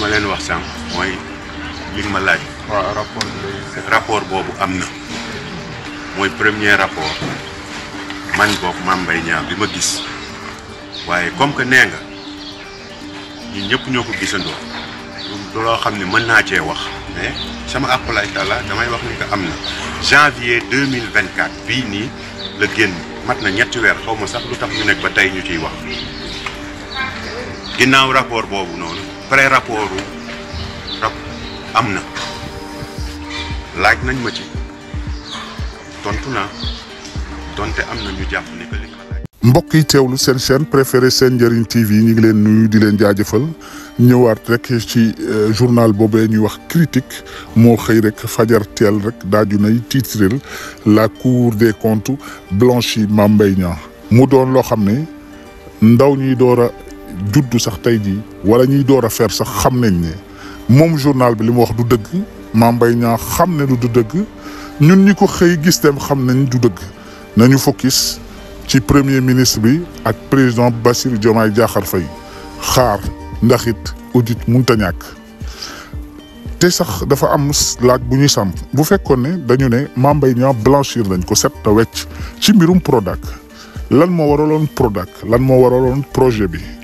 ma leen wax sànq mooy li ma laaj. waaw rapport rapport boobu am na mooy premier rapport man boog Mame Mbaye Niang bi ma gis waaye comme que nee nga ñun ñëpp ñoo ko gisandoo lu loo xam ne mën naa cee wax mais sama àqulaay taala damay wax ni que am na janvier deux mille vingt quatre bii nii la génn mat na ñetti weer xaw ma sax lu tax ñu nekk ba tey ñu ciy wax ginnaaw rapport boobu noonu. pré rapport rap am na laaj nañ ma ci tontu naa donte am ñu japp ne ko li mbokk yi teewlu seen chaîne préférée seen njëriñ TV ñi ngi leen nuyu di leen jaajëfal ñëwaat rek ci euh, journal boobee ñuy wax critique moo xëy rek fajar teel rek daaju nay titrel la cour des comptes blanchi Mame Mbaye mu doon loo xam ne ndaw ñuy door a judd sax tey jii wala ñuy door a faire sax xam nañ ne moom journal bi li mu wax du dëgg Mame Mbaye Niang xam ne du dëgg ñun ñi ko xëy gis dem xam nañ du dëgg nañu fokkis ci premier ministre bi ak président Bassirou Diomaye Diakhar Faye xaar ndax it audit mënut a ñàkk te sax dafa am laaj bu ñuy sàmp bu fekkoon ne dañu ne Mame Mbaye Niang blanchir nañ ko set te wecc ci mbirum Prodac lan moo waraloon Prodac lan moo waraloon projet bi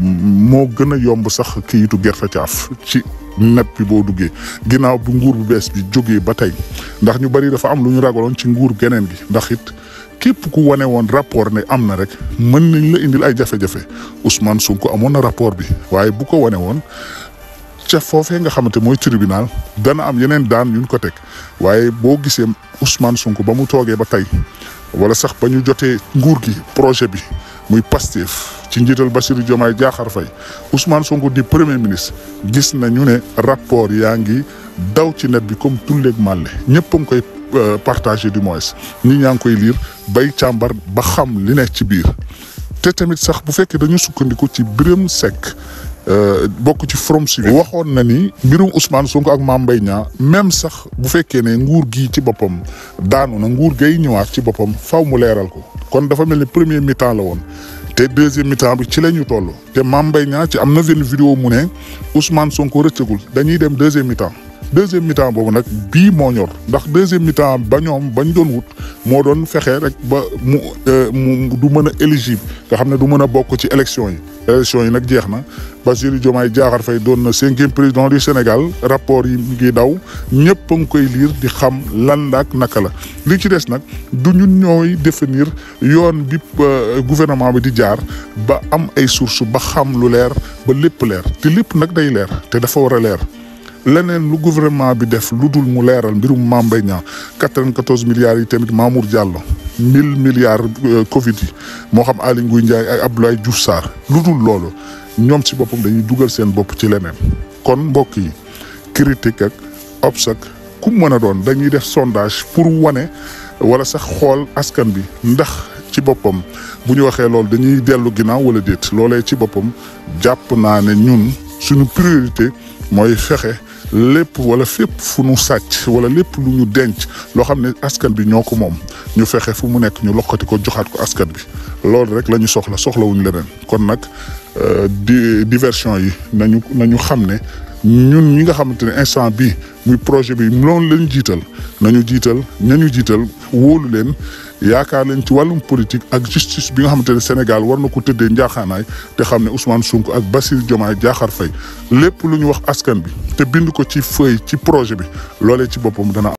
moo gën a yomb sax kiitu gerte caaf ci nepp boo duggee ginnaaw bu nguur bu bees bi jógee ba tey ndax ñu bari dafa am lu ñu ragaloon ci nguur geneen gi ndax it képp ku wane woon rapport ne am na rek mën nañ la indil ay jafe-jafe Ousmane Sonko amoon na rapport bi waaye bu ko wane woon ca foofee nga xamante mooy tribunal dana am yeneen daan yuñ ko teg waaye boo gisee Ousmane Sonko ba mu toogee ba tey wala sax ba ñu jotee nguur gi projet bi muy Pastef ci njital Bassirou jomay jaxar fay Ousmane Sonko di premier ministre gis ñu ne rapport yaangi daw ci net bi comme tout lek malé ñepp ngi koy euh, partager du moins ñi ñang koy lire bay chamber ba xam li nekk ci biir té tamit sax bu fekké dañu sukkandiko ci sec euh bokku ci from Civil waxon na ni mbirum Ousmane Sonko ak mam bay nya même sax bu ne nguur gi ci bopam daanu na nguur gay ñëwaat ci bopam faw mu leeral ko kon dafa melni premier mi-temps la won te deuxième mi ci la ñu toll te Mame Mbaye Niang ci am na benn vidéo mu ne Ousmane Sonko rëccagul dañuy dem deuxième mi deuxième mi boobu nag bii moo ñor ndax deuxième mi-temps ba ñoom bañ doon wut moo doon fexe rek ba euh, mu mu du mën a éligible nga xam ne du mën a bokk ci élection yi. élection yi nag jeex na Bassirou Diomaye Diakhar Faye doon na cinquième président du Sénégal rapport yi ngi daw ñëpp a ngi koy liir di xam lan la naka la li ci des nag du ñun ñooy définir yoon bi euh, gouvernement bi di jaar ba am ay sources ba xam lu leer ba lépp leer te lépp nag day leer te dafa war a leer. leneen lu gouvernement bi def lu dul mu leeral mbirum Mame Mbaye Niang 94 milliards yi tamit Mamour Diallo 1000 milliards euh, Covid yi moo xam Aly Ngouille Ndiaye ay Abdoulaye Diouf Sarr lu dul loolu ñoom ci boppam dañuy dugal seen bopp ci leneen. kon mbokk yi critique ak obs ak ku mën a doon dañuy def sondage pour wane wala sax xool askan bi ndax ci boppam bu ñu waxee loolu dañuy dellu ginnaaw wala déet loolee ci boppam jàpp naa ne ñun suñu priorité mooy fexe. lépp wala fépp fu nu sàcc wala lépp lu ñu denc loo xam ne askan bi ñoo ko moom ñu fexe fu mu nekk ñu lokkati ko joxaat ko askan bi loolu rek la ñu soxla soxlawuñ leneen kon nag euh, di diversion yi nañu nañu xam ne ñun ñi nga xamante ne instant bi muy projet bi loolu lañu jiital nañu jiital nañu jiital wóolu leen yaakaar leen ci wàllum politique ak justice bi nga xamante ne Sénégal war na ko tëddee njaaxaanaay te xam ne Ousmane Sonko ak Bassirou Diomaye jaxar Faye lépp lu ñu wax askan bi te bind ko ci feuille ci projet bi loole ci bopp boppam dana